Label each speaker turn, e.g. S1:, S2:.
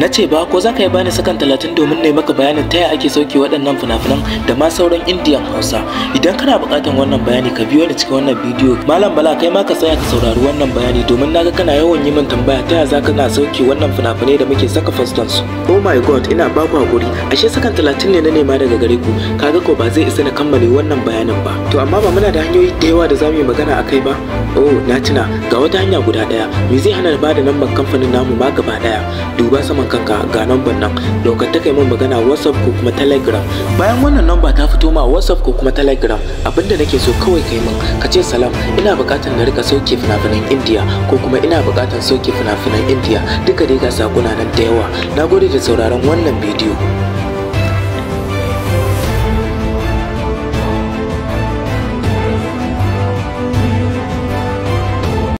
S1: na ce ba ko za ka yi bani sakan talatin domin na maka bayanin ta ake sauke waɗannan fina da ma sauran indiyan hausa idan kana buƙatar wannan bayani ka biyo ni cikin wannan bidiyo malam bala kai ma ka tsaya ka saurari wannan bayani domin naga kana yawan yi min tambaya ta za ka na sauke wannan fina da muke saka faston su oh my god ina ba ku hakuri ashe sakan talatin ne na nema daga gare ku kaga ko ba zai isa na kammale wannan bayanin ba to amma ba muna da hanyoyi da yawa da za mu yi magana a kai ba oh na tuna ga wata hanya guda ɗaya me zai hana ba da lambar kamfanin namu ma gaba ɗaya duba saman kanka ga namban nan lokacin ta kai min magana whatsapp ko kuma telegram bayan wannan namba ta fito ma whatsapp ko kuma telegram abinda nake so kawai kai mun ka ce salam ina bukatar na rika sauke fina-finan india ko kuma ina bukatar sauke fina-finan india duka dai ga sakuna nan da yawa na gode da sauraron wannan bidiyo